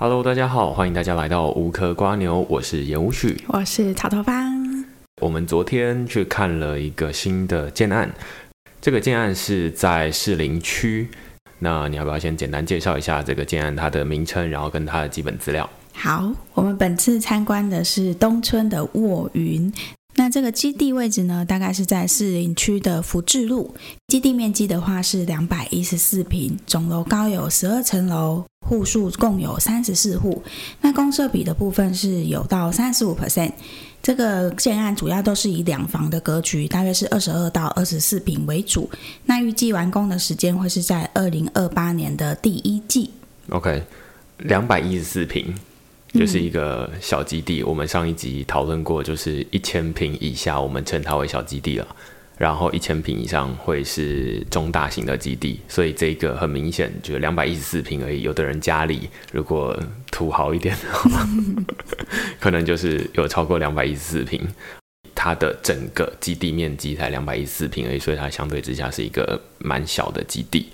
Hello，大家好，歡迎大家來到無殼蝸牛，我是言午許，我是草頭方。我們昨天去看了一個新的建案，這個建案是在士林區。那你要不要先簡單介紹一下這個建案它的名稱，然後跟它的基本資料？好，我們本次參觀的是東村的渥雲。那這個基地位置呢，大概是在士林區的福智路。基地面積的話是兩百一十四坪，總樓高有十二層樓，戶數共有三十四戶。那公設比的部分是有到三十五 percent。這個建案主要都是以兩房的格局，大約是二十二到二十四坪為主。那預計完工的時間會是在二零二八年的第一季。OK，兩百一十四坪。就是一個小基地，嗯、我們上一集討論過，就是一千坪以下，我們稱它為小基地了。然後一千坪以上會是中大型的基地，所以這個很明顯就是兩百一十四坪而已。有的人家裡如果土豪一點的話，嗯、 可能就是有超過兩百一十四坪，它的整個基地面積才兩百一十四坪而已，所以它相對之下是一個蠻小的基地。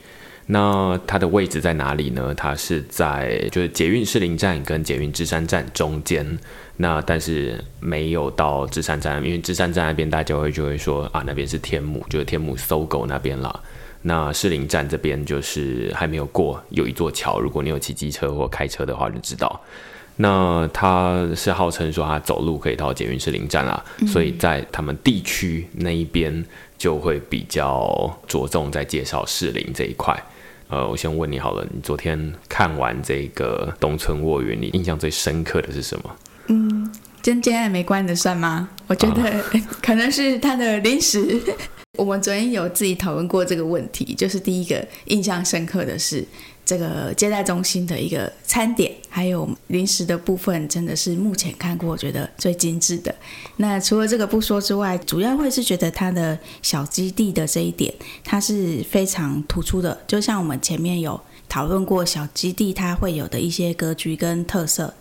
那它的位置在哪裡呢？它是在就是捷運士林站跟捷運芝山站中間。那但是沒有到芝山站，因為芝山站那邊大家會就會說啊，那邊是天母，就是天母 SOGO 那邊啦。那士林站這邊就是還沒有過，有一座橋。如果你有騎機車或開車的話，就知道。那它是號稱說它走路可以到捷運士林站啦，所以在他們地區那一邊就會比較着重在介紹士林這一塊。呃，我先問你好了，你昨天看完這個《東村渥雲》，你印象最深刻的是什麼？嗯，跟真愛沒關的算嗎？我覺得可能是他的零食。Uh-huh. 我們昨天有自己討論過這個問題，就是第一個印象深刻的是。這個接待中心的一個餐點，還有零食的部分，真的是目前看過我覺得最精緻的。那除了這個不說之外，主要會是覺得它的小基地的這一點，它是非常突出的。就像我們前面有討論過小基地它會有的一些格局跟特色。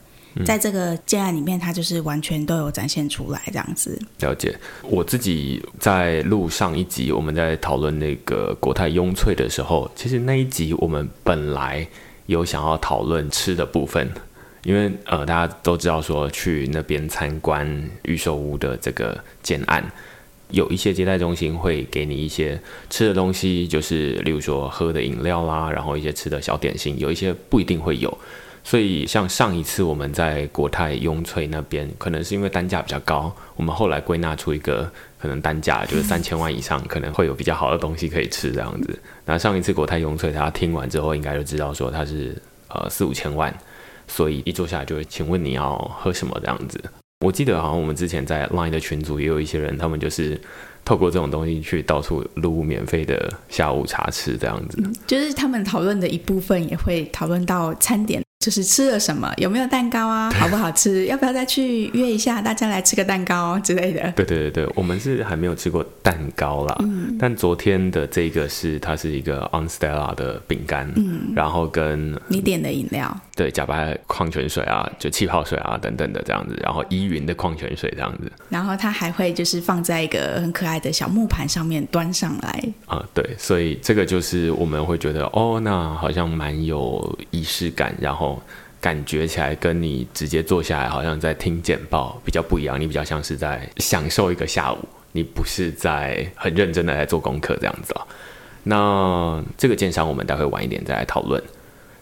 在這個建案裡面，嗯，它就是完全都有展現出來這樣子。了解，我自己在錄上一集，我們在討論那個國泰雍翠的時候，其實那一集我們本來有想要討論吃的部分，因為呃，大家都知道說去那邊參觀預售屋的這個建案，有一些接待中心會給你一些吃的東西，就是例如說喝的飲料啦，然後一些吃的小點心，有一些不一定會有。所以像上一次我們在國泰雍翠那邊，可能是因為單價比較高，我們後來歸納出一個可能單價就是三千萬以上，可能會有比較好的東西可以吃這樣子。那、嗯、上一次國泰雍翠，他聽完之後應該就知道說他是呃四五千萬，所以一坐下來就會，請問你要喝什麼這樣子？我記得好像我們之前在 Line 的群組也有一些人，他們就是透過這種東西去到處擼免費的下午茶吃這樣子、嗯，就是他們討論的一部分也會討論到餐點。就是吃了什麼？有沒有蛋糕啊？好不好吃？要不要再去約一下大家來吃個蛋糕、哦、之類的？對對對對，我們是還沒有吃過蛋糕啦。 嗯。但昨天的這個是它是一個 Onstella 的餅乾，嗯，然後跟你點的飲料，對，假白礦泉水啊，就氣泡水啊等等的這樣子，然後依雲的礦泉水這樣子。然後它還會就是放在一個很可愛的小木盤上面端上來。啊、嗯，對，所以這個就是我們會覺得哦，那好像蠻有儀式感，然後。感覺起來跟你直接坐下來，好像在聽簡報比較不一樣。你比較像是在享受一個下午，你不是在很認真的在做功課這樣子了、啊。那這個建商我們待會晚一點再來討論。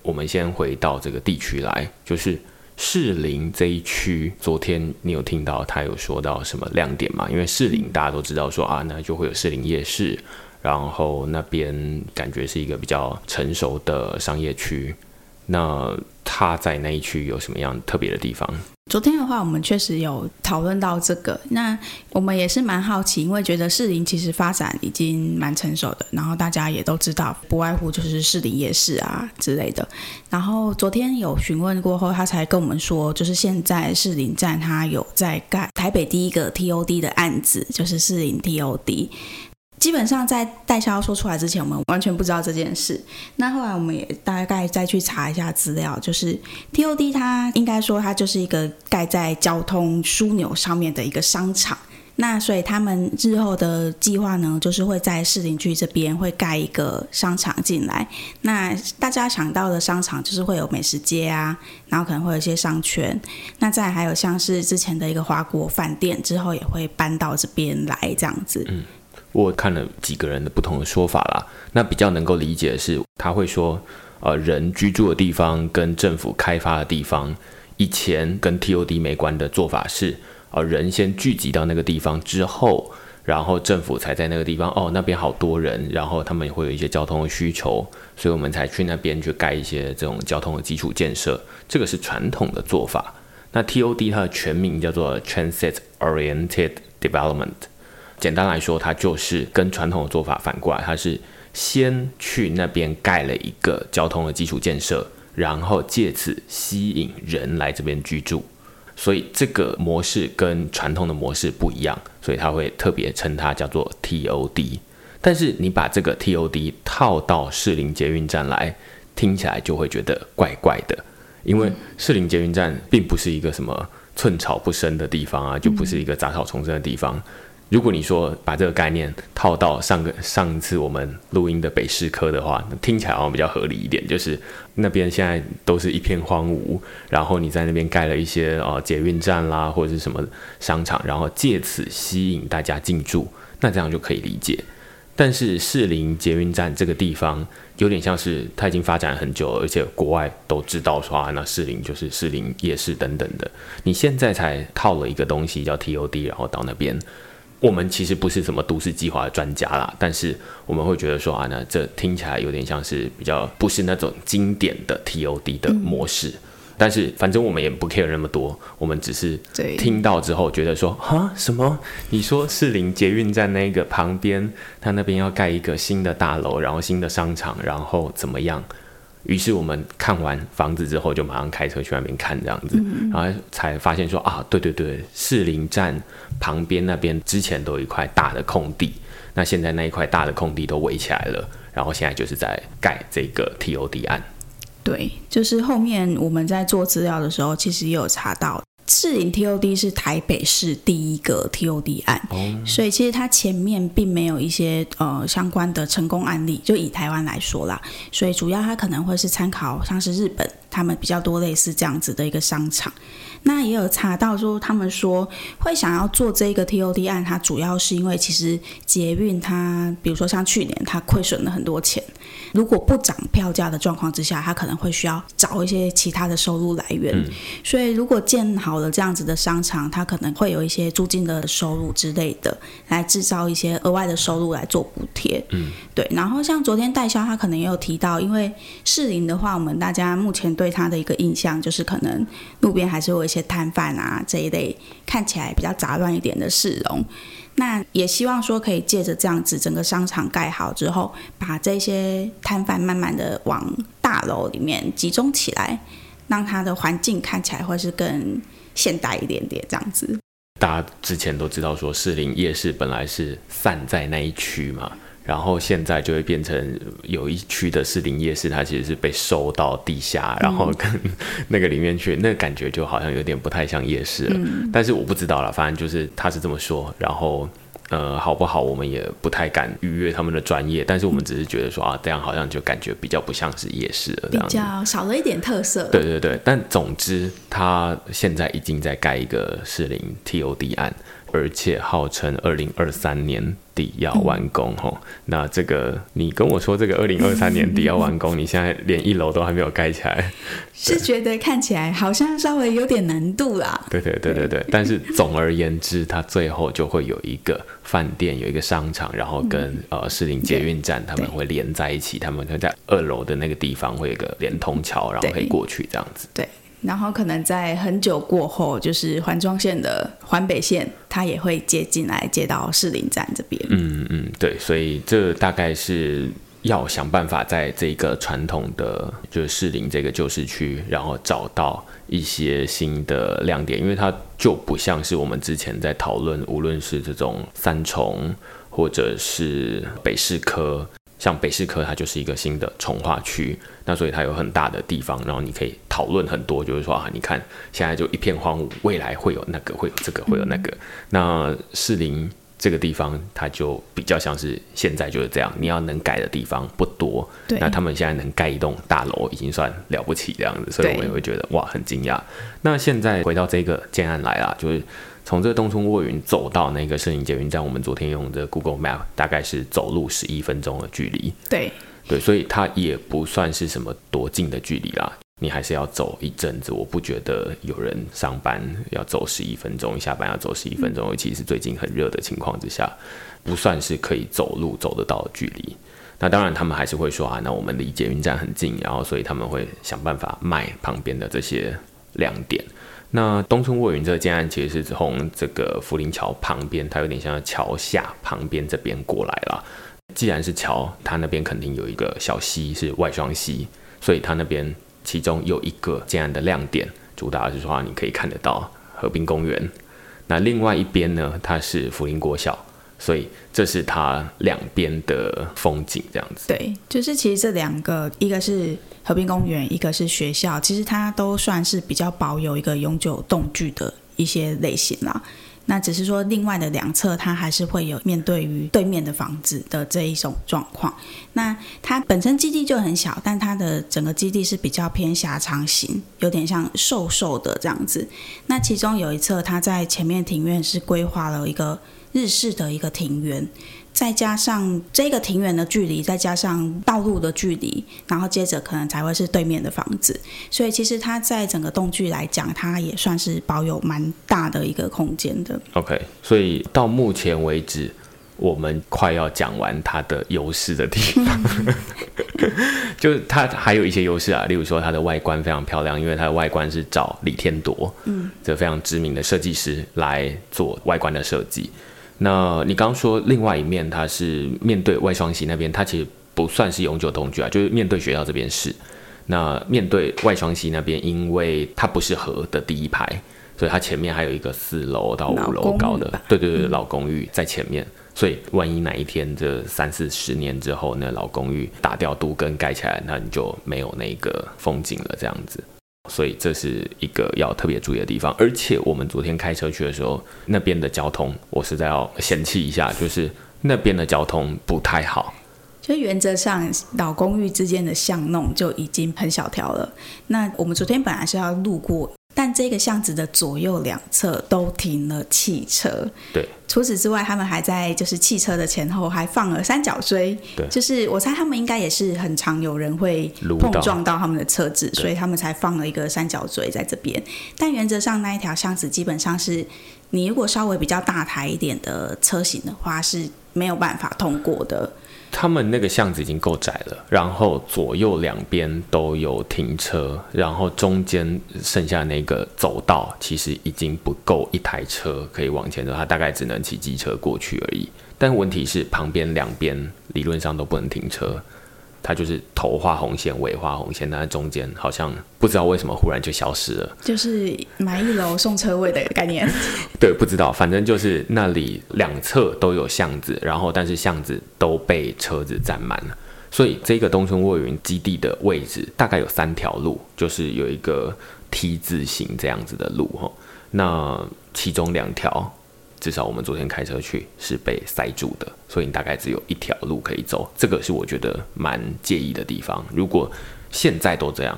我們先回到這個地區來，就是士林這一區。昨天你有聽到他有說到什麼亮點嗎？因為士林大家都知道說啊，那就會有士林夜市，然後那邊感覺是一個比較成熟的商業區。那他在那一區有什麼樣特別的地方？昨天的話，我們確實有討論到這個。那我們也是蠻好奇，因為覺得士林其實發展已經蠻成熟的，然後大家也都知道，不外乎就是士林夜市啊之類的。然後昨天有詢問過後，他才跟我們說，就是現在士林站他有在幹台北第一個 TOD 的案子，就是士林 TOD。基本上在代銷說出來之前，我們完全不知道這件事。那後來我們也大概再去查一下資料，就是 TOD 它應該說它就是一個蓋在交通樞紐上面的一個商場。那所以他們日後的計劃呢，就是會在士林區這邊會蓋一個商場進來。那大家想到的商場就是會有美食街啊，然後可能會有一些商圈。那再還有像是之前的一個華國飯店，之後也會搬到這邊來這樣子。嗯我看了幾個人的不同的說法啦，那比較能夠理解的是，他會說，呃，人居住的地方跟政府開發的地方，以前跟 TOD 沒關的做法是，呃，人先聚集到那個地方之後，然後政府才在那個地方，哦，那邊好多人，然後他們也會有一些交通的需求，所以我們才去那邊去蓋一些這種交通的基礎建設，這個是傳統的做法。那 TOD 它的全名叫做 Transit Oriented Development。簡單來說，它就是跟傳統的做法反過來，它是先去那邊蓋了一個交通的基礎建設，然後借此吸引人來這邊居住。所以這個模式跟傳統的模式不一樣，所以它會特別稱它叫做 TOD。但是你把這個 TOD 套到士林捷運站來，聽起來就會覺得怪怪的，因為士林捷運站並不是一個什麼寸草不生的地方啊，就不是一個雜草叢生的地方。嗯如果你說把這個概念套到上個上一次我們錄音的北士科的話，聽起來好像比較合理一點。就是那邊現在都是一片荒蕪，然後你在那邊蓋了一些啊、呃、捷運站啦或者是什麼商場，然後借此吸引大家進駐，那這樣就可以理解。但是士林捷運站這個地方有點像是它已經發展很久了，而且國外都知道說啊，那士林就是士林夜市等等的。你現在才套了一個東西叫 TOD，然後到那邊。我們其實不是什麼都市計劃的專家啦，但是我們會覺得說啊呢，那這聽起來有點像是比較不是那種經典的 TOD 的模式、嗯，但是反正我們也不 care 那麼多，我們只是聽到之後覺得說哈，什麼？你說士林捷運站那個旁邊，它那邊要蓋一個新的大樓，然後新的商場，然後怎麼樣？於是我們看完房子之後，就馬上開車去那邊看這樣子，嗯，然後才發現說啊，對對對，士林站旁邊那邊之前都有一塊大的空地，那現在那一塊大的空地都圍起來了，然後現在就是在蓋這個 TOD 案。對，就是後面我們在做資料的時候，其實也有查到。士林 TOD 是台北市第一個 TOD 案，oh. 所以其實它前面並沒有一些呃相關的成功案例，就以台灣來說啦，所以主要它可能會是參考像是日本，他們比較多類似這樣子的一個商場。那也有查到說，他們說會想要做這個 TOD 案，它主要是因為其實捷運它，比如說像去年它虧損了很多錢，如果不漲票價的狀況之下，它可能會需要找一些其他的收入來源。所以如果建好了這樣子的商場，它可能會有一些租金的收入之類的，來製造一些額外的收入來做補貼。嗯。對，然後像昨天代銷，他可能也有提到，因為適齡的話，我們大家目前對它的一個印象就是可能路邊還是會。一些攤販啊，這一類看起來比較雜亂一點的市容，那也希望說可以借着這樣子整個商場蓋好之後，把這些攤販慢慢的往大樓裡面集中起來，讓它的環境看起來會是更現代一點點這樣子。大家之前都知道說士林夜市本來是散在那一區嘛。然後現在就會變成有一區的士林夜市，它其實是被收到地下，嗯、然後跟那個裡面去，那個、感覺就好像有點不太像夜市了。嗯、但是我不知道啦，反正就是他是這麼說。然後呃，好不好，我們也不太敢逾越他們的專業。但是我們只是覺得說、嗯、啊，這樣好像就感覺比較不像是夜市了這樣，比較少了一點特色。對對對，但總之，他現在已經在蓋一個士林 TOD 案。而且號稱二零二三年底要完工吼、嗯哦，那這個你跟我說這個二零二三年底要完工，嗯、你現在連一樓都還沒有蓋起來， 是覺得看起來好像稍微有點難度啦。對對對對對，但是總而言之， 它最後就會有一個飯店，有一個商場，然後跟、嗯、呃士林捷運站他們會連在一起，他們會在二樓的那個地方會有個連通橋，然後可以過去這樣子。對。對然後可能在很久過後，就是環狀線的環北線，它也會接進來，接到士林站這邊。嗯嗯，對，所以這大概是要想辦法在這個傳統的就是士林這個舊市區，然後找到一些新的亮點，因為它就不像是我們之前在討論，無論是這種三重或者是北市科。像北士科，它就是一個新的重劃區，那所以它有很大的地方，然後你可以討論很多，就是說啊，你看現在就一片荒蕪，未來會有那個，會有這個，會有那個。嗯、那士林這個地方，它就比較像是現在就是這樣，你要能改的地方不多。那他們現在能蓋一棟大樓，已經算了不起這樣子，所以我也會覺得哇，很驚訝。那現在回到這個建案來啊，就是。從這個東村渥雲走到那個士林捷運站，我們昨天用的 Google Map 大概是走路十一分鐘的距離。對對，所以它也不算是什麼多近的距離啦。你還是要走一陣子，我不覺得有人上班要走十一分鐘，下班要走十一分鐘，尤其是最近很熱的情況之下，不算是可以走路走得到的距離。那當然，他們還是會說啊，那我們離捷運站很近，然後所以他們會想辦法賣旁邊的這些亮點。那東村渥雲這個建案其實是從這個福林橋旁邊，它有點像橋下旁邊這邊過來啦，既然是橋，它那邊肯定有一個小溪是外雙溪，所以它那邊其中有一個建案的亮點，主打就是說你可以看得到河濱公園。那另外一邊呢，它是福林國小。所以這是它兩邊的風景，這樣子。對，就是其實這兩個，一個是和平公園，一個是學校，其實它都算是比較保有一個永久棟距的一些類型啦。那只是說另外的兩側，它還是會有面對於對面的房子的這一種狀況。那它本身基地就很小，但它的整個基地是比較偏狹長型，有點像瘦瘦的這樣子。那其中有一側，它在前面庭院是規劃了一個。日式的一個庭園，再加上這個庭園的距離，再加上道路的距離，然後接着可能才會是對面的房子，所以其實它在整個棟距來講，它也算是保有蠻大的一個空間的。OK，所以到目前為止，我們快要講完它的優勢的地方， 就它還有一些優勢啊，例如說它的外觀非常漂亮，因為它的外觀是找李天鐸，嗯，這個、非常知名的設計師來做外觀的設計。那你剛剛說另外一面，它是面對外雙溪那邊，它其實不算是永久棟距啊，就是面對學校這邊是。那面對外雙溪那邊，因為它不是河的第一排，所以它前面還有一個四樓到五樓高的，對對對，老公寓在前面。所以萬一哪一天這三四十年之後，那老公寓打掉都更蓋起來，那你就沒有那個風景了，這樣子。所以這是一個要特別注意的地方，而且我們昨天開車去的時候，那邊的交通我實在要嫌棄一下，就是那邊的交通不太好。所以原則上老公寓之間的巷弄就已經很小條了，那我們昨天本來是要路過。但這個巷子的左右兩側都停了汽車。對。除此之外，他們還在就是汽車的前後還放了三角錐。對。就是我猜他們應該也是很常有人會碰撞到他們的車子，所以他們才放了一個三角錐在這邊。但原則上，那一條巷子基本上是你如果稍微比較大台一點的車型的話是沒有辦法通過的。他們那個巷子已經夠窄了，然後左右兩邊都有停車，然後中間剩下的那個走道其實已經不夠一台車可以往前走，他大概只能騎機車過去而已。但問題是旁邊兩邊理論上都不能停車。它就是頭畫紅線，尾畫紅線，但中間好像不知道為什麼忽然就消失了。就是買一樓送車位的概念。 對，不知道，反正就是那裡兩側都有巷子，然後但是巷子都被車子占滿了。所以這個東村臥雲基地的位置大概有三條路，就是有一個 T 字形這樣子的路吼，那其中兩條。至少我們昨天開車去是被塞住的，所以你大概只有一條路可以走。這個是我覺得蠻介意的地方。如果現在都這樣，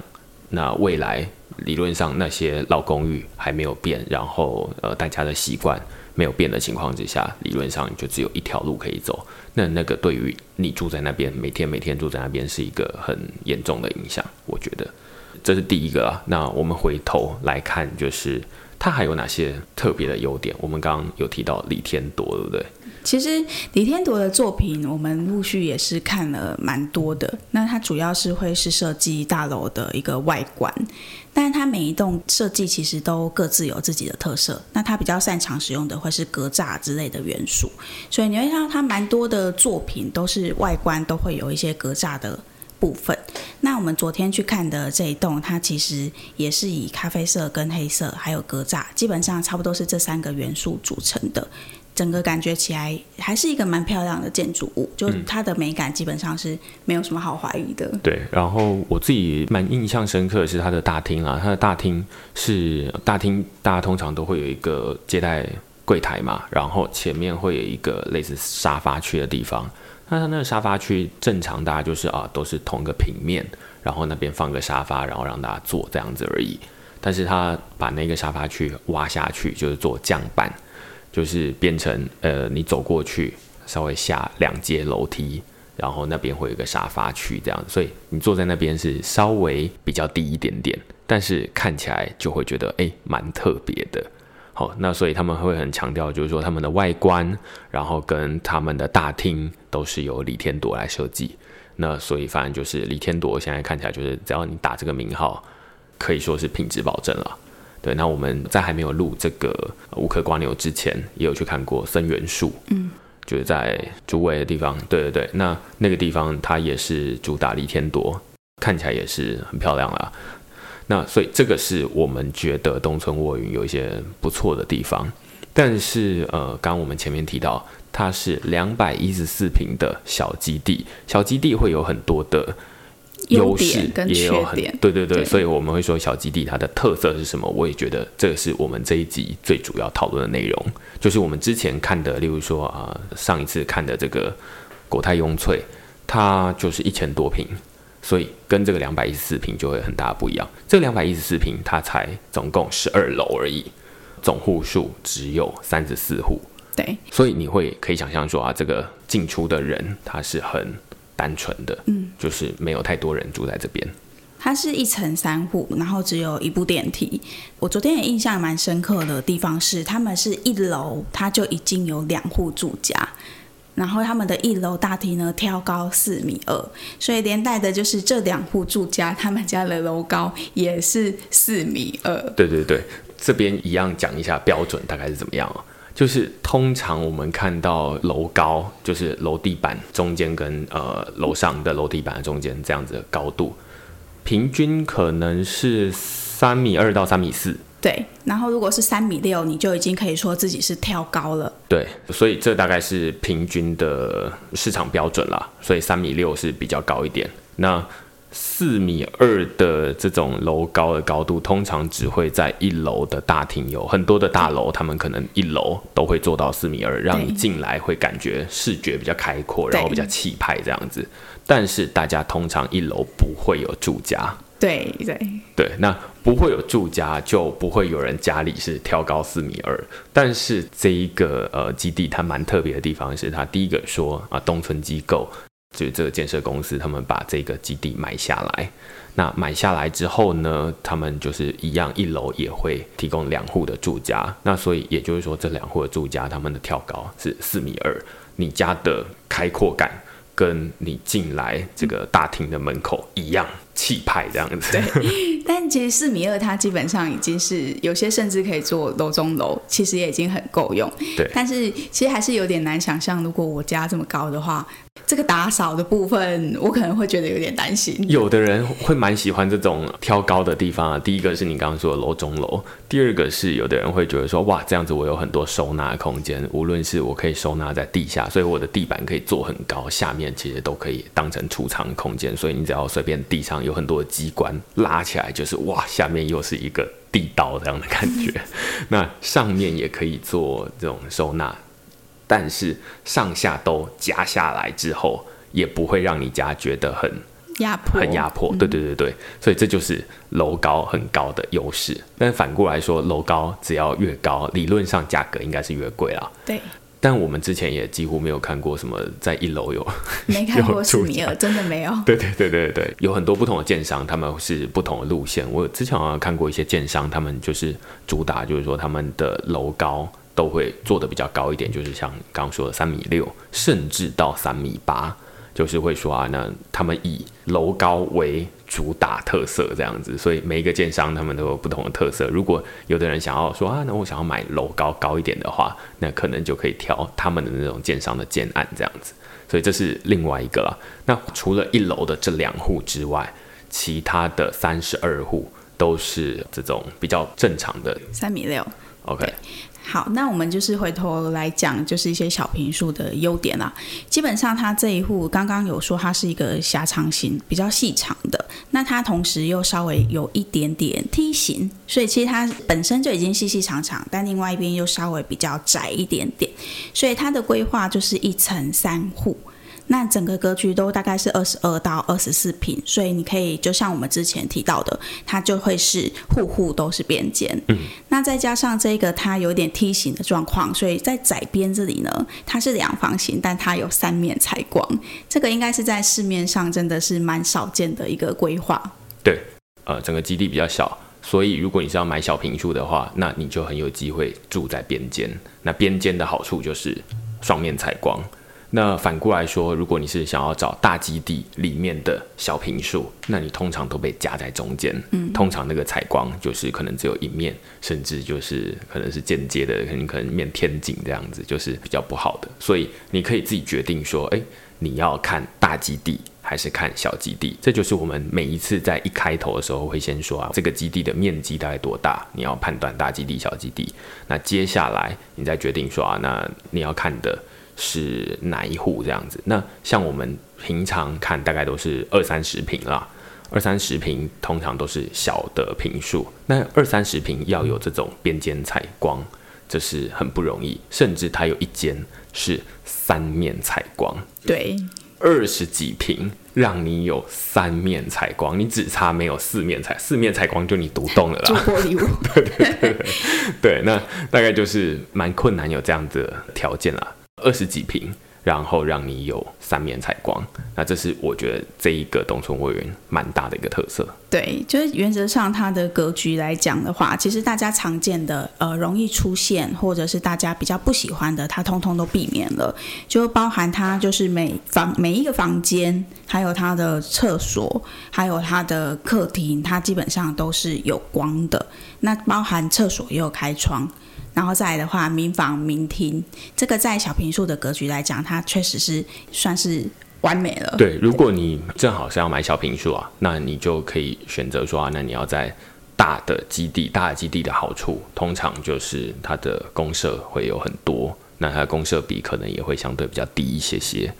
那未來理論上那些老公寓還沒有變，然後呃大家的習慣沒有變的情況之下，理論上你就只有一條路可以走。那那個對於你住在那邊，每天每天住在那邊是一個很嚴重的影響。我覺得這是第一個啊。那我們回頭來看，就是。它還有哪些特別的優點？我們剛剛有提到李天鐸，對不對？其實李天鐸的作品，我們陸續也是看了蠻多的。那它主要是會是設計大樓的一個外觀，但是它每一棟設計其實都各自有自己的特色。那它比較擅長使用的會是格柵之類的元素，所以你會看到它蠻多的作品都是外觀都會有一些格柵的。部分，那我們昨天去看的這一棟，它其實也是以咖啡色跟黑色，還有格柵，基本上差不多是這三個元素組成的，整個感覺起來還是一個蠻漂亮的建築物，就它的美感基本上是沒有什麼好懷疑的。嗯，對，然後我自己蠻印象深刻的是它的大廳啊，它的大廳是大廳，大家通常都會有一個接待櫃台嘛，然後前面會有一個類似沙發區的地方。那它那個沙發區正常，大家就是啊，都是同個平面，然後那邊放個沙發，然後讓大家坐這樣子而已。但是他把那個沙發區挖下去，就是做降板，就是變成呃，你走過去稍微下兩階樓梯，然後那邊會有一個沙發區這樣。所以你坐在那邊是稍微比較低一點點，但是看起來就會覺得誒蠻特別的。好、哦，那所以他們會很強調，就是說他們的外觀，然後跟他們的大廳都是由李天鐸來設計。那所以反正就是李天鐸現在看起來就是，只要你打這個名號，可以說是品質保證了。對，那我們在還沒有錄這個無殼蝸牛之前，也有去看過森元樹，嗯，就是在竹圍的地方，對對對，那那個地方它也是主打李天鐸，看起來也是很漂亮了。那所以這個是我們覺得東村渥雲有一些不錯的地方，但是呃，剛我們前面提到它是兩百一十四坪的小基地，小基地會有很多的優勢跟缺點，也有點，對對對、對，所以我們會說小基地它的特色是什麼？我也覺得這個是我們這一集最主要討論的內容，就是我們之前看的，例如說啊、呃，上一次看的這個國泰雍翠，它就是一千多坪。所以跟這個兩百一十四坪就會很大不一樣。這個兩百一十四坪，它才總共十二樓而已，總戶數只有三十四戶。對，所以你會可以想象說啊，這個進出的人他是很單純的，嗯，就是沒有太多人住在這邊。它是一層三戶，然後只有一部電梯。我昨天也印象蠻深刻的地方是，他們是一樓，它就已經有兩戶住家。然後他們的一樓大廳呢，挑高四米二，所以連帶的就是這兩戶住家，他們家的樓高也是四米二。對對對，這邊一樣講一下標準大概是怎麼樣啊？就是通常我們看到樓高，就是樓地板中間跟呃樓上的樓地板中間這樣子的高度，平均可能是三米二到三米四。對，然後如果是三米六，你就已經可以說自己是挑高了。對，所以這大概是平均的市場標準了。所以三米六是比較高一點。那四米二的這種樓高的高度，通常只會在一樓的大廳有。很多的大樓、嗯，他們可能一樓都會做到四米二，讓你進來會感覺視覺比較開闊，然後比較氣派這樣子。但是大家通常一樓不會有住家。對對對，那。不會有住家，就不會有人家裡是挑高四米二。但是這一個呃基地，它蠻特別的地方是，它第一個說啊，東村機構就這個建設公司，他們把這個基地買下來。那買下來之後呢，他們就是一樣，一樓也會提供兩戶的住家。那所以也就是說，這兩戶的住家，他們的挑高是四米二，你家的開闊感。跟你進來這個大廳的門口一樣氣派這樣子。對，但其實四米二，它基本上已經是有些甚至可以做樓中樓，其實也已經很夠用。對，但是其實還是有點難想象，如果我家這麼高的話。這個打掃的部分，我可能會覺得有點擔心。有的人會蠻喜歡這種挑高的地方啊。第一個是你剛剛說的樓中樓，第二個是有的人會覺得說，哇，這樣子我有很多收納空間。無論是我可以收納在地下，所以我的地板可以做很高，下面其實都可以當成儲藏空間。所以你只要隨便地上有很多機關拉起來，就是哇，下面又是一個地道這樣的感覺。 那上面也可以做這種收納。但是上下都夾下來之後，也不會讓你家覺得很壓迫，很壓迫、嗯。對對對對，所以這就是樓高很高的優勢。但是反過來說，樓高只要越高，理論上價格應該是越貴啦。對，但我們之前也幾乎沒有看過什麼在一樓有沒看過史密爾 真的沒有。對對對對對，有很多不同的建商，他們是不同的路線。我之前好像看過一些建商，他們就是主打，就是說他們的樓高，都會做的比較高一點，就是像剛剛說的三米六，甚至到三米八，就是會說啊，那他們以樓高為主打特色這樣子，所以每一個建商他們都有不同的特色。如果有的人想要說啊，那我想要買樓高高一點的話，那可能就可以挑他們的那種建商的建案這樣子。所以這是另外一個啦。那除了一樓的這兩戶之外，其他的三十二戶都是這種比較正常的三米六，OK。好，那我們就是回頭來講，就是一些小坪數的優點啦、啊。基本上，它這一戶剛剛有說，它是一個狹長型，比較細長的。那它同時又稍微有一點點梯形，所以其實它本身就已經細細長長，但另外一邊又稍微比較窄一點點。所以它的規劃就是一層三戶。那整個格局都大概是二十二到二十四坪，所以你可以就像我們之前提到的，它就會是戶戶都是邊間。嗯，那再加上這個它有點梯形的狀況，所以在窄邊這裡呢，它是兩房型，但它有三面採光。這個應該是在市面上真的是蠻少見的一個規劃。對，呃，整個基地比較小，所以如果你是要買小坪數的話，那你就很有機會住在邊間。那邊間的好處就是雙面採光。那反過來說，如果你是想要找大基地裡面的小坪數，那你通常都被夾在中間，嗯，通常那個採光就是可能只有一面，甚至就是可能是間接的，可能可能面天井這樣子，就是比較不好的。所以你可以自己決定說，哎、欸，你要看大基地還是看小基地？這就是我們每一次在一開頭的時候會先說啊，這個基地的面積大概多大？你要判斷大基地、小基地。那接下來你再決定說啊，那你要看的。是哪一戶這樣子？那像我們平常看，大概都是二三十坪啦。二三十坪通常都是小的坪數。那二三十坪要有這種邊間採光，這，就是很不容易。甚至它有一間是三面採光。對，二十幾坪讓你有三面採光，你只差沒有四面採四面採光就你獨棟了啦。 對對，對，對，對，那大概就是蠻困難有這樣的條件啦。二十幾坪，然後讓你有三面採光，那這是我覺得這一個東村渥雲蠻大的一個特色。對，就是原則上它的格局來講的話，其實大家常見的呃容易出現或者是大家比較不喜歡的，它通通都避免了。就包含它就是每房每一個房間，還有它的廁所，還有它的客廳，它基本上都是有光的。那包含廁所也有開窗。然後再來的話，民房民廳，這個在小坪數的格局來講，它確實是算是完美了。對，如果你正好是要買小坪數啊，那你就可以選擇說，啊，那你要在大的基地。大的基地的好處，通常就是它的公設會有很多，那它的公設比可能也會相對比較低一些些，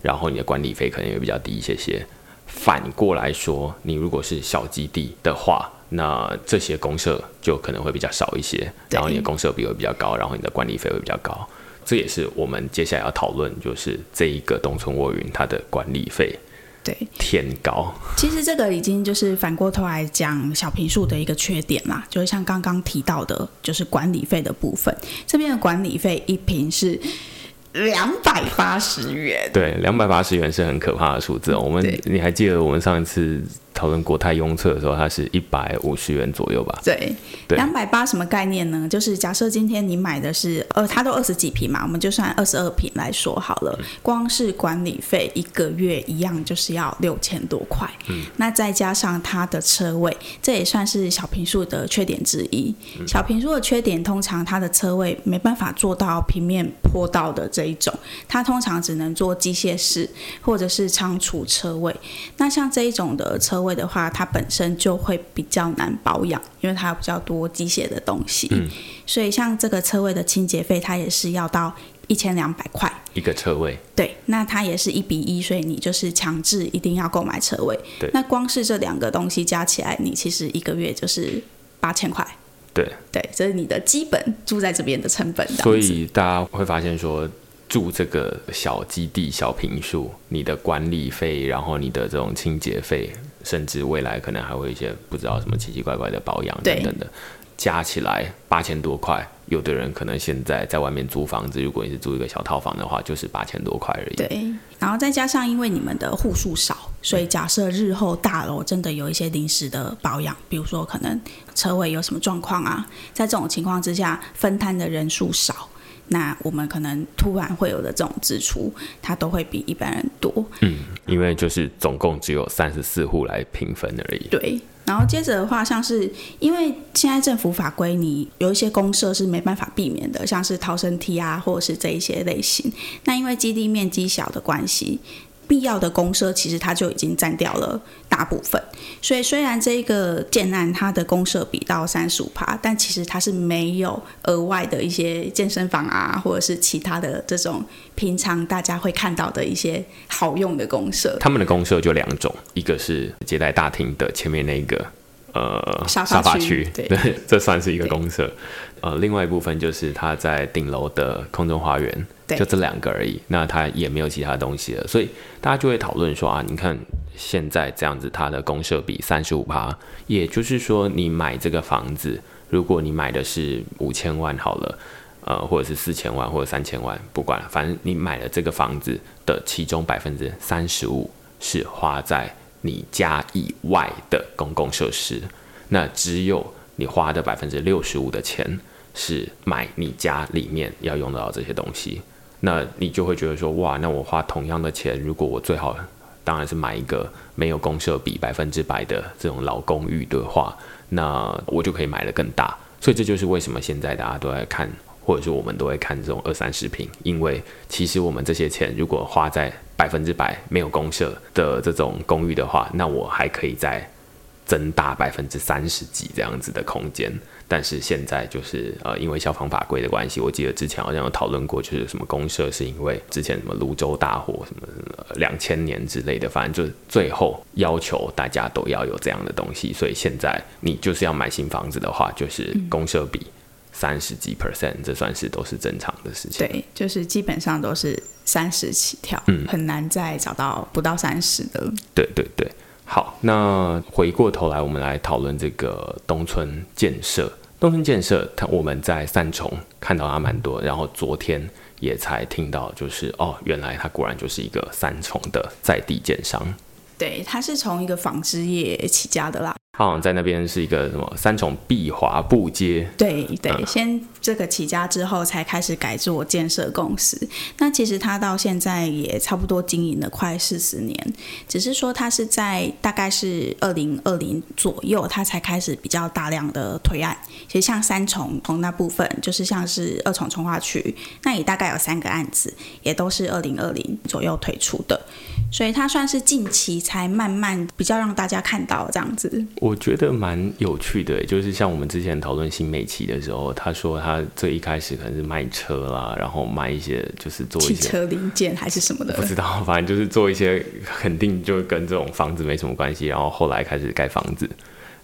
然後你的管理費可能也比較低一些些。反過來說，你如果是小基地的話。那這些公設就可能會比較少一些，然後你的公設比會比較高，然後你的管理費會比較高。這也是我們接下來要討論，就是這一個東村渥雲它的管理費，對偏高。其實這個已經就是反過頭來講小坪數的一個缺點啦、嗯，就是像剛剛提到的，就是管理費的部分。這邊的管理費一坪是兩百八十元，對，兩百八十元是很可怕的數字、哦。我們你還記得我們上一次？討論國泰擁車的時候，它是一百五十元左右吧？對，兩百八什麼概念呢？就是假設今天你買的是呃，它都二十幾坪嘛，我們就算二十二坪來說好了，嗯、光是管理費一個月一樣就是要六千多塊。嗯，那再加上它的車位，這也算是小坪數的缺點之一。小坪數的缺點，通常它的車位沒辦法做到平面坡道的這一種，它通常只能做機械式或者是倉儲車位。那像這一種的車位。車位的話，它本身就會比較難保養，因為它有比較多機械的東西。嗯，所以像這個車位的清潔費，它也是要到一千兩百塊一個車位。對，那它也是一比一，所以你就是強制一定要購買車位。對，那光是這兩個東西加起來，你其實一個月就是八千塊。對對，這是你的基本住在這邊的成本。所以大家會發現說，住這個小基地、小坪數，你的管理費，然後你的這種清潔費。甚至未來可能還會有一些不知道什麼奇奇怪怪的保養等等的，加起來八千多塊。有的人可能現在在外面租房子，如果你是租一個小套房的話，就是八千多塊而已。對，然後再加上因為你們的戶數少，所以假設日後大樓真的有一些臨時的保養，比如說可能車位有什麼狀況啊，在這種情況之下，分攤的人數少。那我們可能突然會有的這種支出，它都會比一般人多。嗯，因為就是總共只有三十四戶來平分而已。對，然後接着的話，像是因為現在政府法規，你有一些公設是沒辦法避免的，像是逃生梯啊，或者是這一些類型。那因為基地面積小的關係。必要的公設其實它就已經佔掉了大部分，所以雖然這個建案它的公設比到三十五趴，但其實它是沒有額外的一些健身房啊，或者是其他的這種平常大家會看到的一些好用的公設。他們的公設就兩種，一個是接待大廳的前面那一個。呃，沙發區，沙發區，對，對，這算是一個公設。呃，另外一部分就是他在頂樓的空中花園，對，就這兩個而已。那他也沒有其他東西了，所以大家就會討論說啊，你看現在這樣子，他的公設比三十五趴，也就是說，你買這個房子，如果你買的是五千萬好了，呃，或者是四千萬或者三千萬，不管了，反正你買了這個房子的其中百分之三十五是花在。你家以外的公共設施，那只有你花的百分之六十五的錢是買你家裡面要用得到這些東西，那你就會覺得說，哇，那我花同樣的錢，如果我最好當然是買一個沒有公設比百分之百的這種老公寓的話，那我就可以買得更大。所以這就是為什麼現在大家都在看。或者說我們都會看這種二三十坪，因為其實我們這些錢如果花在百分之百沒有公設的這種公寓的話，那我還可以再增大百分之三十幾這樣子的空間。但是現在就是呃，因為消防法規的關係，我記得之前好像有討論過，就是什麼公設是因為之前什麼蘆洲大火、什麼兩千年之類的，反正就是最後要求大家都要有這樣的東西。所以現在你就是要買新房子的話，就是公設比。嗯三十幾 percent，這算是，都是正常的事情。對，就是基本上都是三十起跳，嗯，很難再找到不到三十的。對對對，好，那回過頭來，我們來討論這個東村建設。東村建設，它我們在三重看到它蠻多，然後昨天也才聽到，就是哦，原來它果然就是一個三重的在地建商。對，它是從一個紡織業起家的啦。他好像在那邊是一個什麼三重碧華布街，對對、嗯，先這個起家之後才開始改做建設公司。那其實他到現在也差不多經營了快四十年，只是說他是在大概是二零二零左右，他才開始比較大量的推案。其實像三重從那部分，就是像是二重重劃區，那也大概有三個案子，也都是二零二零左右推出的，所以他算是近期才慢慢比較讓大家看到這樣子。我覺得蠻有趣的，就是像我們之前討論新美琪的時候，他說他最一開始可能是賣車啦，然後賣一些就是做一些汽車零件還是什麼的，不知道，反正就是做一些，肯定就跟這種房子沒什麼關係。然後後來開始蓋房子，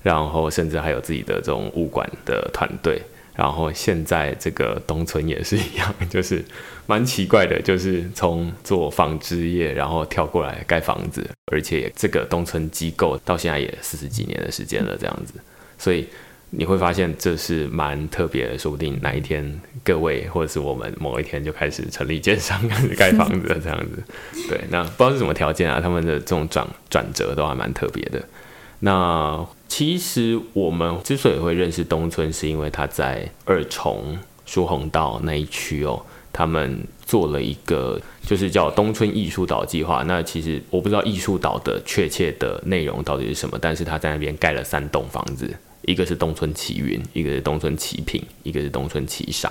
然後甚至還有自己的這種物管的團隊。然後現在這個東村也是一樣，就是蠻奇怪的，就是從做紡織業，然後跳過來蓋房子，而且這個東村機構到現在也四十幾年的時間了，這樣子，所以你會發現這是蠻特別的，說不定哪一天各位或者是我們某一天就開始成立建商開始蓋房子了，這樣子，對，那不知道是什麼條件啊，他們的這種轉轉折都還蠻特別的，那。其實我們之所以會認識東村，是因為他在二重疏洪道那一區哦，他們做了一個就是叫東村藝術島計劃。那其實我不知道藝術島的確切的內容到底是什麼，但是他在那邊蓋了三棟房子，一個是東村渥雲，一個是東村渥品，一個是東村渥賞，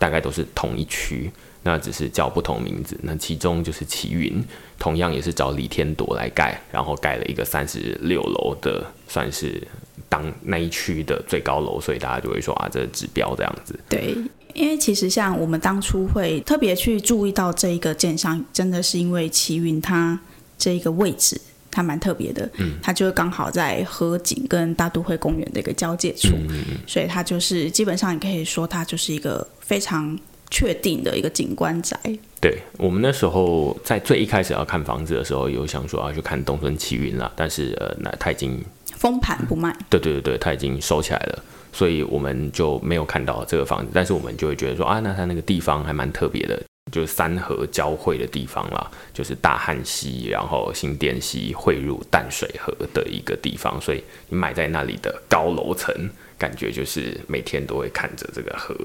大概都是同一區，那只是叫不同名字。那其中就是渥雲，同樣也是找李天鐸來蓋，然後蓋了一個三十六樓的。算是當那一區的最高樓，所以大家就會說啊，這指標這樣子。對，因為其實像我們當初會特別去注意到這一個建商，真的是因為渥雲它這一個位置，它蠻特別的。嗯，它就剛好在河景跟大都會公園的一個交界處，嗯嗯，所以它就是基本上你可以說它就是一個非常確定的一個景觀宅。對，我們那時候在最一開始要看房子的時候，有想說要去看東村渥雲了，但是呃，那它已經。封盤不賣、嗯，對對對它已經收起來了，所以我們就沒有看到這個房子。但是我們就會覺得說啊，那它那個地方還蠻特別的，就是三河交匯的地方啦，就是大漢溪、然後新店溪匯入淡水河的一個地方。所以你買在那裡的高樓層，感覺就是每天都會看着這個河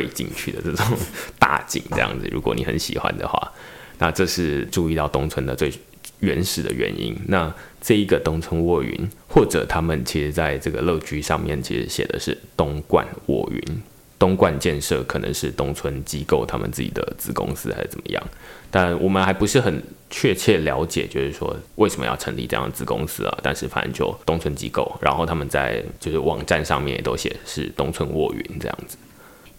匯進去的這種大景這樣子。如果你很喜歡的話，那這是注意到東村的最。原始的原因，那這一個東村渥雲，或者他們其實在這個樂居上面其實寫的是東冠渥雲，東冠建設可能是東村機構他們自己的子公司還是怎麼樣，但我們還不是很確切了解，就是說為什麼要成立這樣子公司啊？但是反正就東村機構，然後他們在就是網站上面也都寫是東村渥雲這樣子。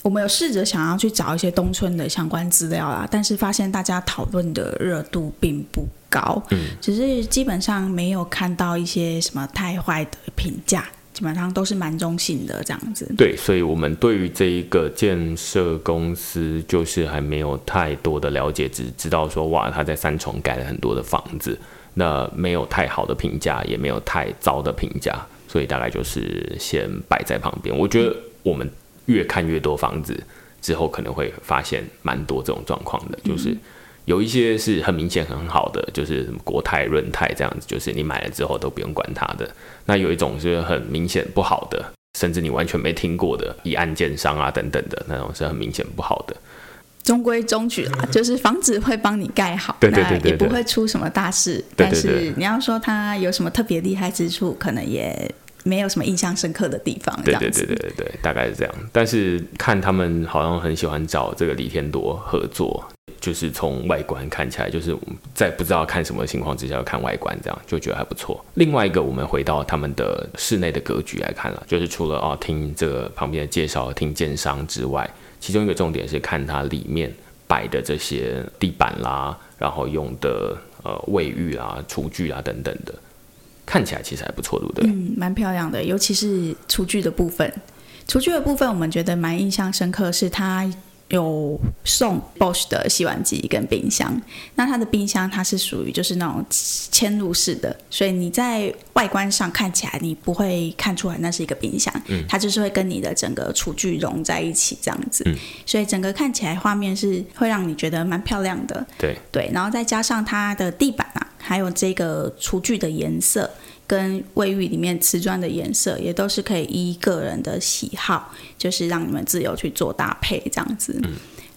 我們有試着想要去找一些東村的相關資料啊，但是發現大家討論的熱度並不。高，嗯，只是基本上沒有看到一些什麼太壞的評價，基本上都是蠻中性的這樣子。對，所以我們對於這一個建設公司就是還沒有太多的了解，只知道說哇，他在三重蓋了很多的房子，那沒有太好的評價，也沒有太糟的評價，所以大概就是先擺在旁邊。我覺得我們越看越多房子之後，可能會發現蠻多這種狀況的，嗯，就是。有一些是很明顯很好的，就是什麼國泰、潤泰這樣子，就是你買了之後都不用管它的。那有一種是很明顯不好的，甚至你完全沒聽過的，一案建商啊等等的，那種是很明顯不好的。中規中矩啦、啊，就是房子會幫你蓋好，對 也不會出什麼大事對對對對對。但是你要說它有什麼特別厲害之處，可能也。沒有什麼印象深刻的地方，這樣子。對對對對對，大概是這樣。但是看他們好像很喜歡找這個李天鐸合作，就是從外觀看起來，就是在不知道看什麼情況之下要看外觀，這樣就覺得還不錯。另外一個，我們回到他們的室內的格局來看了，就是除了啊聽這個旁邊的介紹、聽建商之外，其中一個重點是看它裡面擺的這些地板啦，然後用的呃衛浴啊、廚具啊等等的。看起來其實還不錯，對不對？嗯，蠻漂亮的，尤其是廚具的部分。廚具的部分，我們覺得蠻印象深刻，是它有送 Bosch 的洗碗機跟冰箱。那它的冰箱它是屬於就是那種嵌入式的，所以你在外觀上看起來你不會看出來那是一個冰箱，嗯，它就是會跟你的整個廚具融在一起這樣子。嗯，所以整個看起來畫面是會讓你覺得蠻漂亮的。對，對，然後再加上它的地板啊。還有這個廚具的顏色，跟衛浴裡面瓷磚的顏色，也都是可以依個人的喜好，就是讓你們自由去做搭配這樣子。嗯。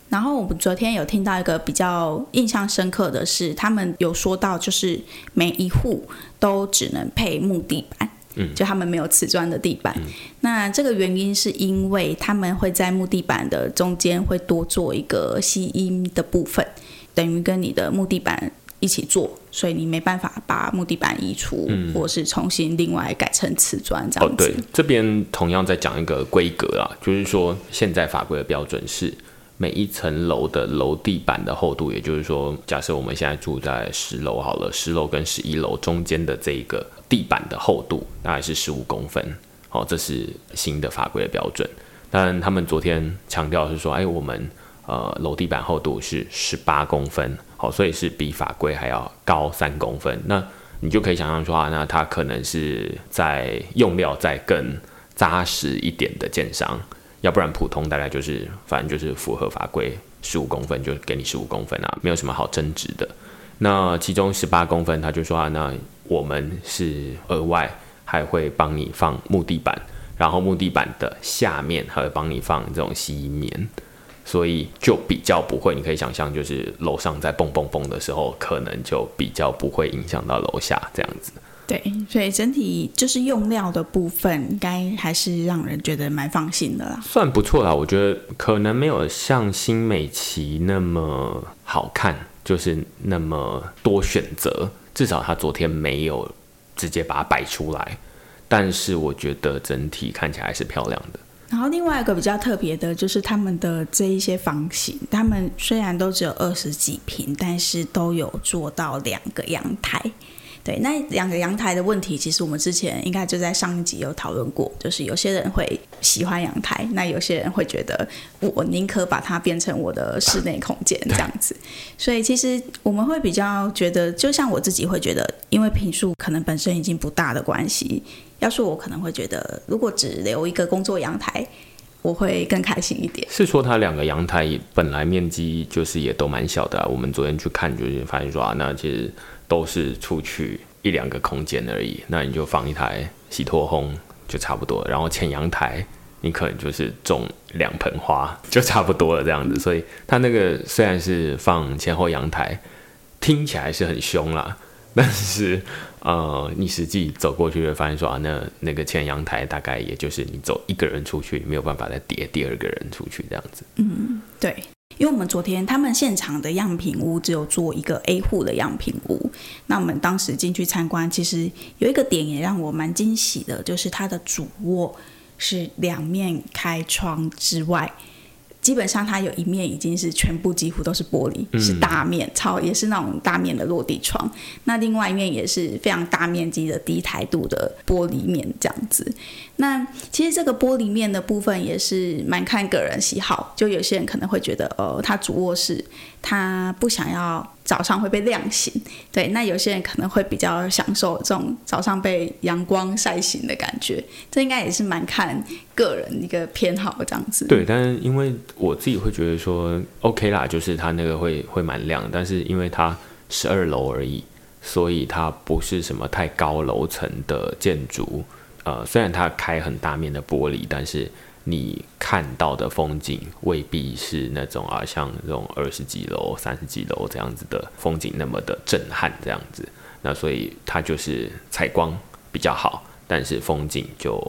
然後我們昨天有聽到一個比較印象深刻的是，他們有說到，就是每一戶都只能配木地板，嗯，就他們沒有瓷磚的地板。那這個原因是因為他們會在木地板的中間會多做一個吸音的部分，等於跟你的木地板。一起做，所以你沒辦法把木地板移除，嗯、或是重新另外改成瓷磚這樣子。哦、對，這邊同樣在講一個規格啊，就是說現在法規的標準是每一層樓的樓地板的厚度，也就是說，假設我們現在住在十樓好了，十樓跟十一樓中間的這個地板的厚度，大概是十五公分。好、哦，這是新的法規的標準。但他們昨天強調是說，哎、欸，我們。呃，樓地板厚度是十八公分，好，所以是比法規還要高三公分。那你就可以想象說啊，那它可能是在用料再更扎實一點的建商，要不然普通大概就是反正就是符合法規十五公分就給你十五公分啊，沒有什麼好爭執的。那其中十八公分，他就說啊，那我們是額外還會幫你放木地板，然後木地板的下面還會幫你放這種吸音棉。所以就比較不會，你可以想象，就是樓上在蹦蹦蹦的時候，可能就比較不會影響到樓下這樣子。對，所以整體就是用料的部分，應該還是讓人覺得蠻放心的啦。算不錯啦，我覺得可能沒有像新美琦那麼好看，就是那麼多選擇。至少他昨天沒有直接把它擺出來，但是我覺得整體看起來還是漂亮的。然後另外一個比較特別的就是他們的這一些房型，他們雖然都只有二十幾平，但是都有做到兩個陽台。對，那兩個陽台的問題，其實我們之前應該就在上一集有討論過，就是有些人會喜歡陽台，那有些人會覺得我寧可把它變成我的室內空間、啊、這樣子。所以其實我們會比較覺得，就像我自己會覺得，因為坪數可能本身已經不大的關係，要是我可能會覺得，如果只留一個工作陽台，我會更開心一點。是說它兩個陽台本來面積就是也都蠻小的、啊，我們昨天去看就是發現說啊，那其實。都是出去一兩個空間而已，那你就放一台洗脫烘就差不多。然後前陽台你可能就是種兩盆花就差不多了，這樣子。所以它那個雖然是放前後陽台，聽起來是很兇啦，但是呃，你實際走過去會發現說啊，那那個前陽台大概也就是你走一個人出去，沒有辦法再疊第二個人出去這樣子。嗯，對。因為我們昨天他們現場的樣品屋只有做一個 A 戶的樣品屋，那我們當時進去參觀，其實有一個點也讓我蠻驚喜的，就是它的主臥是兩面開窗之外。基本上它有一面已經是全部幾乎都是玻璃，嗯、是大面超也是那種大面的落地窗。那另外一面也是非常大面積的低台度的玻璃面這樣子。那其實這個玻璃面的部分也是蠻看個人喜好，就有些人可能會覺得，呃，他主臥室他不想要。早上會被亮醒，對，那有些人可能會比較享受這種早上被陽光曬醒的感覺，這應該也是蠻看個人一個偏好的這樣子。對，但是因為我自己會覺得說，OK 啦，就是它那個會會蠻亮，但是因為它十二樓而已，所以它不是什麼太高樓層的建築，呃，雖然它開很大面的玻璃，但是。你看到的風景未必是那種，啊，像這種二十幾樓、三十幾樓這樣子的風景那麼的震撼這樣子。那所以它就是採光比較好，但是風景就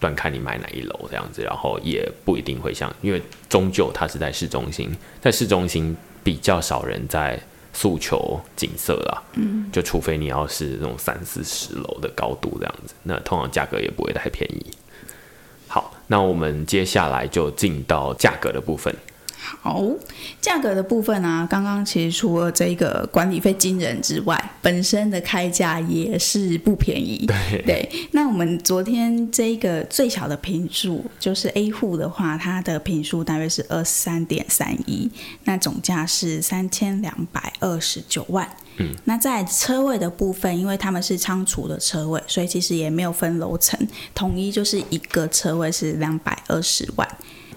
端看你買哪一樓這樣子，然後也不一定會像，因為終究它是在市中心，在市中心比較少人在訴求景色了。嗯，就除非你要是那種三四十樓的高度這樣子，那通常價格也不會太便宜。好，那我們接下來就進到價格的部分。好，價格的部分啊，剛剛其實除了這個管理費驚人之外，本身的開價也是不便宜。對，對，那我們昨天這一個最小的坪數，就是 A 戶的話，它的坪數大約是二十三點三一，那總價是三千兩百二十九萬。嗯，那在車位的部分，因為他們是倉儲的車位，所以其實也沒有分樓層，統一就是一個車位是兩百二十萬。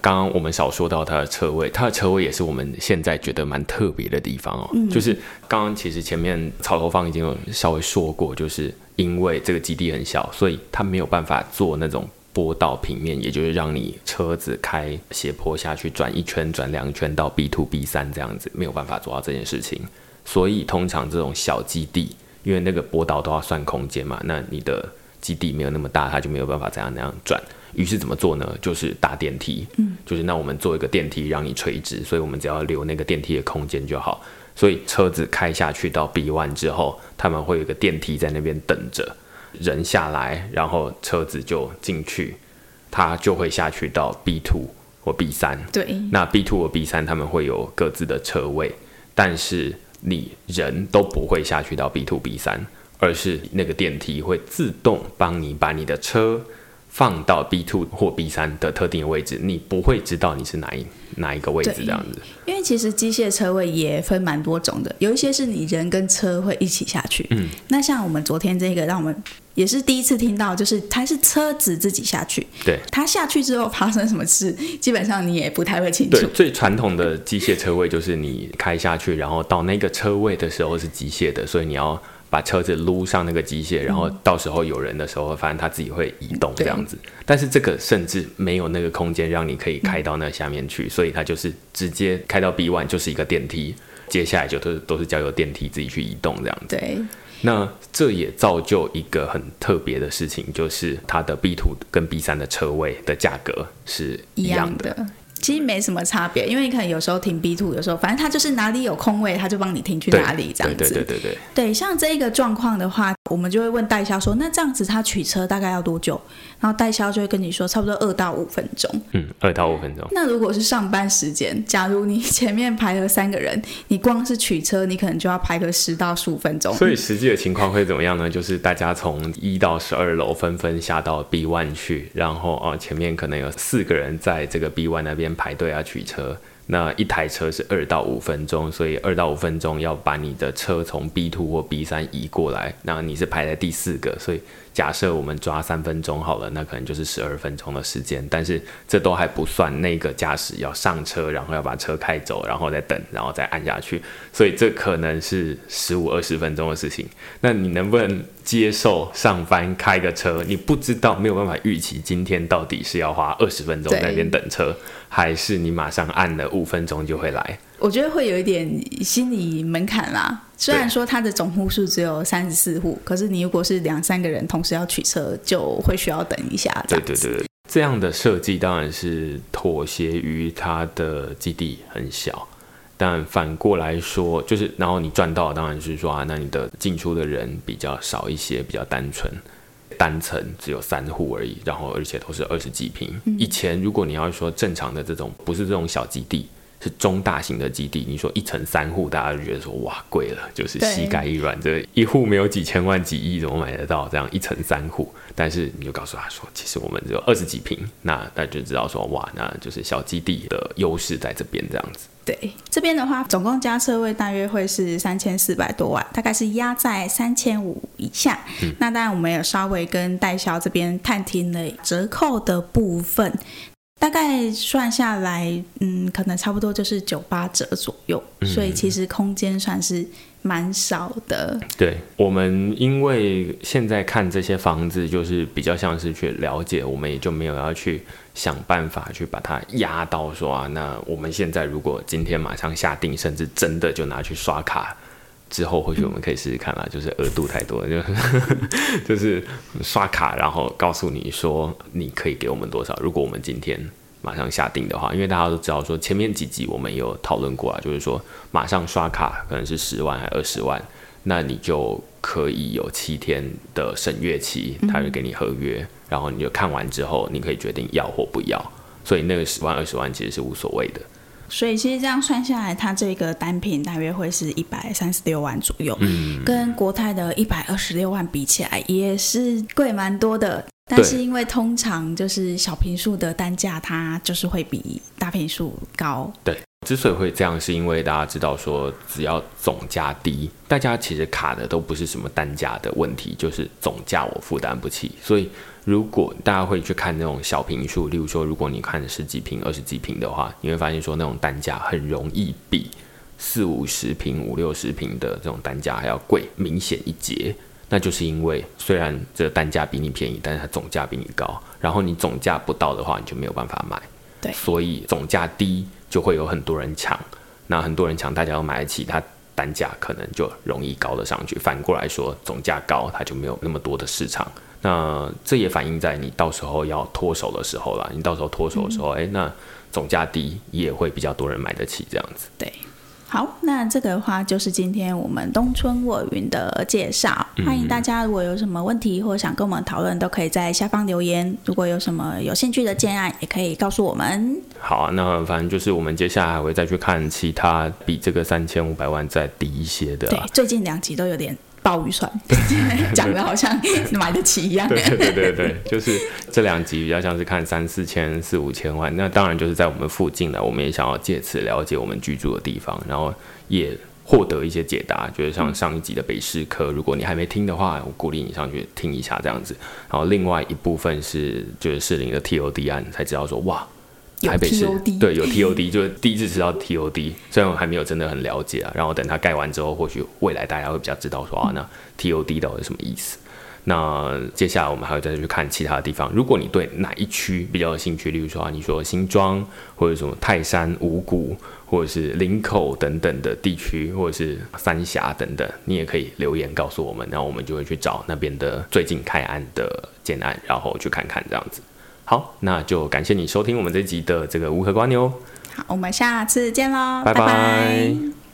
剛剛我們少說到它的車位，它的車位也是我們現在覺得蠻特別的地方哦，嗯、就是剛剛其實前面草頭方已經有稍微說過，就是因為這個基地很小，所以他沒有辦法做那種坡道平面，也就是讓你車子開斜坡下去轉一圈、轉兩圈到 B2 B3 這樣子，沒有辦法做到這件事情。所以通常這種小基地，因為那個坡道都要算空間嘛，那你的基地沒有那麼大，它就沒有辦法怎樣怎樣轉。於是怎麼做呢？就是搭電梯，嗯，就是那我們做一個電梯讓你垂直，所以我們只要留那個電梯的空間就好。所以車子開下去到 B one 之後，他們會有一個電梯在那邊等着人下來，然後車子就進去，他就會下去到 B two 或 B 三。對，那 B two 或 B 三他們會有各自的車位，但是。你人都不會下去到 B2 B 三，B3，而是那個電梯會自動幫你把你的車。放到 B2 或 B3 的特定位置，你不會知道你是哪一哪一個位置這樣子。因為其實機械車位也分蠻多種的，有一些是你人跟車會一起下去。嗯，那像我們昨天這個，讓我們也是第一次聽到，就是它是車子自己下去。對，它下去之後發生什麼事，基本上你也不太會清楚。最傳統的機械車位就是你開下去， 然後到那個車位的時候是機械的，所以你要。把車子擼上那個機械，然後到時候有人的時候，發現它自己會移動這樣子。但是這個甚至沒有那個空間讓你可以開到那下面去，所以它就是直接開到 B one 就是一個電梯，接下來就都都是交由電梯自己去移動這樣子。對，那這也造就一個很特別的事情，就是它的 B two 跟 B 三的車位的價格是一樣的。其實沒什麼差別，因為你可能有時候停 B two，有時候反正它就是哪裡有空位，它就幫你停去哪裡這樣子。對對對對對。對，像這個狀況的話。我們就會問代銷說，那這樣子他取車大概要多久？然後代銷就會跟你說，差不多二到五分鐘。嗯，二到五分鐘。那如果是上班時間，假如你前面排了三個人，你光是取車，你可能就要排個十到十五分鐘。所以實際的情況會怎麼樣呢？就是大家從一到十二樓紛紛下到 B one 去，然後啊、哦，前面可能有四個人在這個 B one 那邊排隊啊取車。那一台車是二到五分鐘，所以二到五分鐘要把你的車從 B2 或 B3 移過來，那你是排在第四個，所以。假設我們抓三分鐘好了，那可能就是十二分鐘的時間。但是這都還不算那個駕駛要上車，然後要把車開走，然後再等，然後再按下去。所以這可能是十五二十分鐘的事情。那你能不能接受上班開個車？你不知道，沒有辦法預期今天到底是要花二十分鐘在那邊等車，還是你馬上按了五分鐘就會來？我覺得會有一點心理門檻啦。雖然說它的總戶數只有三十四戶，可是你如果是兩三個人同時要取車，就會需要等一下。對對對，這樣的設計當然是妥協於它的基地很小，但反過來說，就是然後你賺到當然是說啊，那你的進出的人比較少一些，比較單純，單層只有三戶而已，然後而且都是二十幾平，嗯。以前如果你要說正常的這種，不是這種小基地。是中大型的基地，你說一層三戶，大家就覺得說哇貴了，就是膝蓋一軟，這一戶沒有幾千萬幾億怎麼買得到？這樣一層三戶，但是你就告訴他說，其實我們只有二十幾坪，那大家就知道說哇，那就是小基地的優勢在這邊，這樣子。對，這邊的話，總共加車位大約會是三千四百多萬，大概是壓在三千五以下，嗯。那當然我們也稍微跟代銷這邊探聽了折扣的部分。大概算下來，嗯，可能差不多就是九八折左右，嗯，所以其實空間算是蠻少的。對，我們因為現在看這些房子，就是比較像是去了解，我們也就沒有要去想辦法去把它壓到說啊，那我們現在如果今天馬上下定，甚至真的就拿去刷卡。之後或許我們可以試試看啦，嗯、就是額度太多了，就 就是刷卡，然後告訴你說你可以給我們多少。如果我們今天馬上下定的話，因為大家都知道說前面幾集我們有討論過啊，就是說馬上刷卡可能是十萬還二十萬，那你就可以有七天的審閱期，他就給你合約，嗯、然後你就看完之後你可以決定要或不要。所以那個十萬二十萬其實是無所謂的。所以其實這樣算下來，它這個單品大約會是一百三十六萬左右，嗯，跟國泰的一百二十六萬比起來，也是貴蠻多的。但是因為通常就是小坪數的單價，它就是會比大坪數高。對，之所以會這樣，是因為大家知道說，只要總價低，大家其實卡的都不是什麼單價的問題，就是總價我負擔不起，所以。如果大家會去看那種小平數，例如說，如果你看十幾平、二十幾平的話，你會發現說，那種單價很容易比四五十平、五六十平的這種單價還要貴，明顯一截。那就是因為雖然這個單價比你便宜，但是它總價比你高。然後你總價不到的話，你就沒有辦法買。對，所以總價低就會有很多人搶，那很多人搶，大家都買得起，它單價可能就容易高得上去。反過來說，總價高，它就沒有那麼多的市場。那這也反映在你到時候要脫手的時候了。你到時候脫手的時候，哎、嗯，欸，那總價低也會比較多人買得起這樣子。對，好，那這個的話就是今天我們東村渥雲的介紹。歡迎大家，如果有什麼問題或想跟我們討論，都可以在下方留言。如果有什麼有興趣的建案，也可以告訴我們。好啊，那反正就是我們接下來還會再去看其他比這個三千五百萬再低一些的，啊。對，最近兩集都有點。爆預算講的好像買得起一樣， 對對對，對，對就是這兩集比較像是看三四千四五千萬，那當然就是在我們附近的，我們也想要借此了解我們居住的地方，然後也獲得一些解答。就是像上一集的北士科，如果你還沒聽的話，我鼓勵你上去聽一下這樣子。然後另外一部分是就是士林的 TOD 案，才知道說哇。台北市有 TOD 對，有 TOD，就是第一次知道 TOD，雖然我還沒有真的很了解啊。然後等它蓋完之後，或許未來大家會比較知道說啊，那 TOD 到底有什麼意思。那接下來我們還要再去看其他的地方。如果你對哪一區比較有興趣，例如說啊，你說新莊或者什麼泰山五股或者是林口等等的地區，或者是三峽等等，你也可以留言告訴我們，然後我們就會去找那邊的最近開案的建案，然後去看看這樣子。好，那就感謝你收聽我們這集的這個無核觀喲。好，我們下次見嘍，拜拜。Bye bye